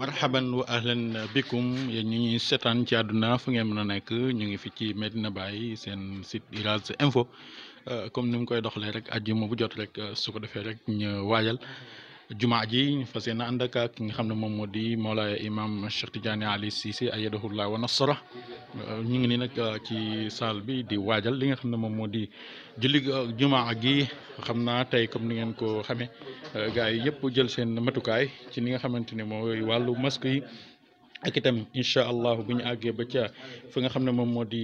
marhaban wa ahlan bikum yéen ñu ñuy seetaan ci adduna fu ngeen mën a nekk ñu ngi fi ci meddina Baye seen site Uras Info euh, comme ni mu koy doxalee rek àjjuma bu jot rek euh, su ko defee rek ñu waajal jumaa ji ñu fas yéene ànd ak ki nga xam ne moom moo di Mawlaaya Imam Cheikh Tidiane Ali Cissé ayyadahullah wa nasara ñu ngi nii nag uh, ci salle bi di waajal li nga xam ne moom moo di julli uh, jumaa gi xam naa tey comme ni ngeen ko xamee uh, gars yi yëpp jël seen matukaay ci li nga xamante ne mooy wàllu masque yi ak itam incha allah bu ñu àggee ba ca fi nga xam ne moom moo di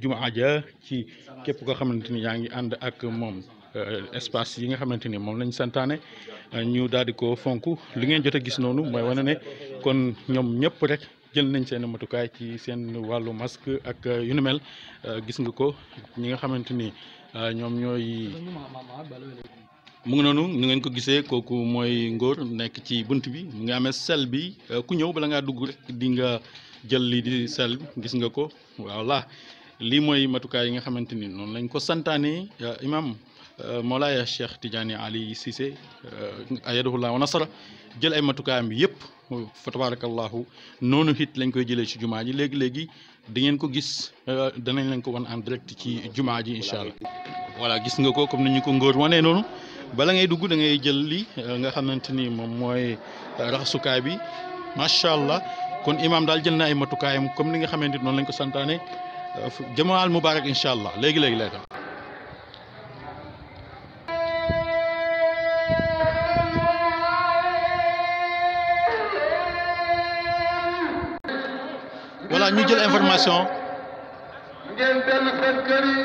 jumaa ja ci képp koo xamante ni yaa ngi ànd ak moom. Euh, espace yi nga xamante ni moom lañu santaane euh, ñu daal di ko fonk li ngeen jot a gis noonu mooy wane ne kon ñoom ñëpp rek jël nañ seen matukaay ci seen wàllu masque ak euh, yu nu mel gis nga ko ñi nga xamante ni ñoom ñooy mu ngi noonu ni ngeen ko gisee kooku mooy ngóor nekk ci bunt bi mu ngi sel bi ku ñëw bala ngaa dugg rek di nga jël lii di sel gis nga ko voilà lii mooy matukaay yi nga xamante ni noonu lañ ko santaane imam Euh, Mawlaaya Cheikh Tidiane Ali Cissé euh, ayadahullah wa nasara jël ay matukaayam yëpp fa tabarakallahu noonu it lañ koy jëlee ci jumaa ji léegi léegi di ngeen ko gis euh, danañ leen ko wan en direct ci jumaa ji incha allah. voilà gis nga ko comme ni ñu ko ngóor wanee noonu bala ngay dugg da ngay jël li nga xamante ni moom mooy raxasukaay bi macha allah kon imaam daal jël na ay matukaayam comme ni nga xamante noonu lañ ko santaane jamaa al mubaarak incha allah léegi léegi lay voilà ñu jël information. ngeen dellu seen kër yi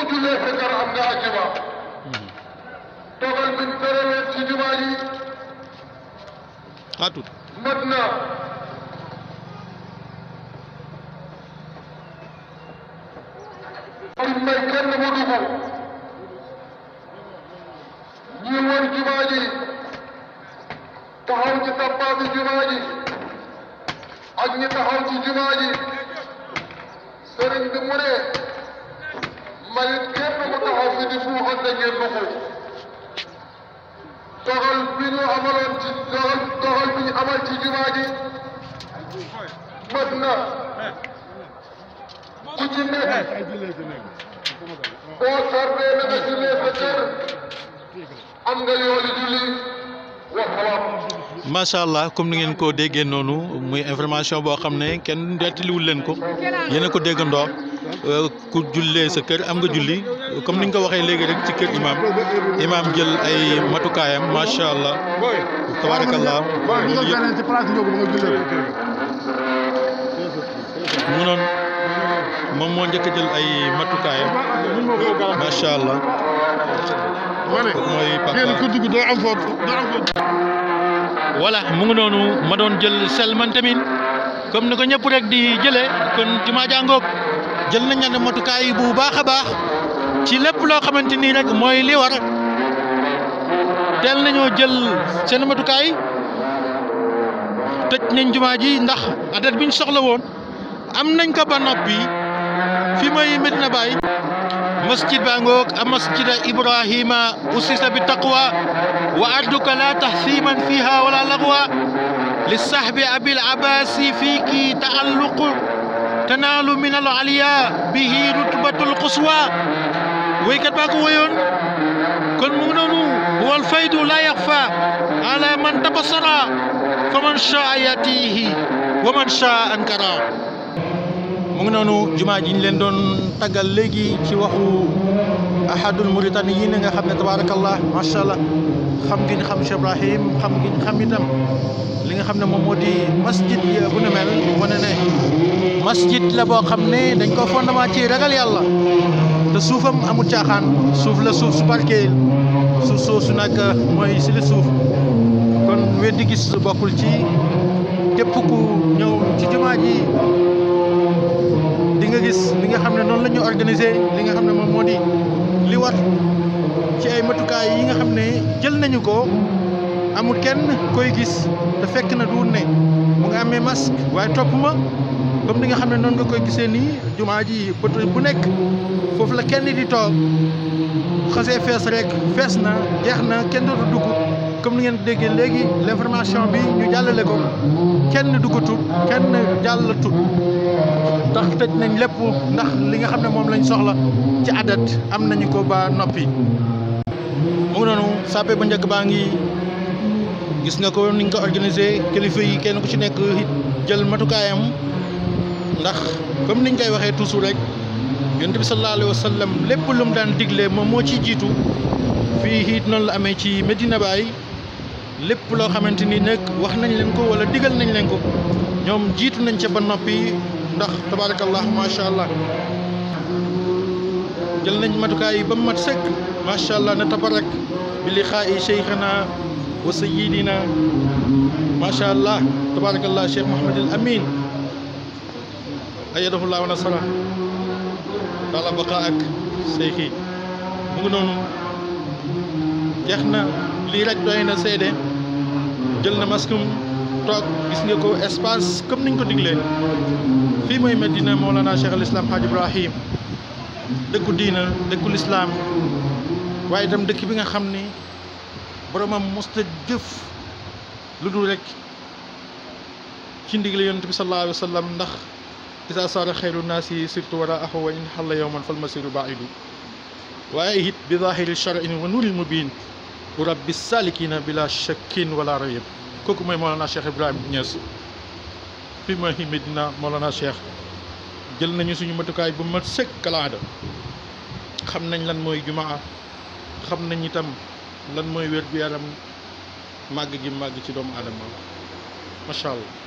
utulee sa kër am nga àjjuma. toogal biñ tëralee ci jumaa yi. xaatu. mat na. am ñu ngi taxaw ci jumaa ji sëriñ bi mu ne mayit képp ku taxaw fi di fuuxoon na ngeen ma xuuf doxal bi ñu amaloon ci doxal doxal bi ñu amal ci jumaa ji mët na ku ci nekk boo sarbee na nga jullee sa kër am nga yoolu julli wa xawaam macha allah comme ni ngeen ko déggee noonu muy information boo xam ne kenn dettaliwul leen ko yéen a ko déggandoo euh, ku jullee sa kër am nga julli comme ni nga ko waxee léegi rek ci kër imaam imaam jël ay matukaayam macha allah tabaarakallah moom moo njëkk jël ay matukaayam macha allah mooy papa voilà mu ngi noonu ma doon jël sel man tamit comme ni ko ñëpp rekk di jëlee kon jumaa jàngoog jël nañ ne matukaay bu baax a baax ci lépp loo xamante nii rek mooy li war teel nañoo jël seen matukaay tëj nañ jumaa ji ndax adat bi ñu soxla woon am nañ ko ba noppi موي مدنا مسجد بانغوك مسجد ابراهيم اسس بالتقوى وارجوك لا تحثيما فيها ولا لغوا للصحب ابي العباس فيك تعلق تنال من العليا به رتبه القصوى ويكت باكو ويون كن مغنونو هو الفيد لا يغفى على من تبصر فمن شاء ياتيه ومن شاء انكره mu ngi noonu jumaa ji ñu leen doon taggal léegi ci waxu ahadul muritani yi na nga xam ne tabaarakallah macha allah xam ngeen xam Cheikh Ibrahim xam ngeen xam itam li nga xam ne moom moo di masjid bu ne mel wane ne masjid la boo xam ne dañ ko fondement ci ragal yàlla te suufam amul caaxaan suuf la suuf su barkeel suuf su nag mooy si la suuf kon weddi gis bokkul ci képp ku ñëw ci jumaa ji di nga gis li nga xam ne noonu la ñu organiser li nga xam ne moom moo di li war ci ay matukaay yi nga xam ne jël nañu ko amul kenn koy gis te fekk na du ne mu nga amee masque waaye topp ma comme ni nga xam ne noonu nga koy gisee nii jumaa ji bët bu nekk foofu la kenn di toog xasee fees rek fees na jeex na kenn dootu dugg comme ni ngeen déggee léegi l'information bi ñu jàllale ko kenn duggatul kenn jàllatul tax tëj nañ lépp ndax li nga xam ne moom lañ soxla ci adat am nañu ko ba noppi mu ngi noonu sàppe ba njëkk baa ngi gis nga ko ni ko organisé kilifa yi kenn ku ci nekk it jël matukaayam ndax comme niñ koy waxee toujours rek yonent bi sallallahu alayhi wa lépp lu mu daan digle moom moo ciy jiitu fii noonu la amee ci Medina Baye lépp loo xamante ni nekk wax nañ leen ko wala digal nañ leen ko ñoom jiitu nañ ca ba noppi ndax tabaarakallah macha allah jël nañ matukaay yi ba mu mat sëkk macha allah na tabarak bi liqaa'i cheikhana wa sayidina macha allah tabaarakallah cheikh Mouhamadul Amin ayadahullah wa nasara taala baqa ak seykhi mu ngi noonu jeex na lii rek doy na seede jël na maskum toog gis nga ko espace comme niñ ko diglee fii mooy Medina Mawlana Cheikh al Islam Hadj Ibrahim dëkku diina dëkku lislaam waaye itam dëkk bi nga xam ni boromam mosta jëf lu dul rek ci ndigle yonent bi sallallahu alayhi wa sallam ndax isa saara xayru naasi surtout wara axa wa in xalla yowman fal masiru baidu waaye it bi zahiri charin wa nuuril mubin bila shakkin wala rayib kooku mooy moo Mawlana Cheikh Ibrahim Niass fii mooy Medina Mawlana Cheikh jël nañu suñu matukaay bu mat sëkk kalaada xam nañ lan mooy jumaa xam nañ itam lan mooy wér-gu-yaram màgg gi màgg ci doomu aadama macha allah.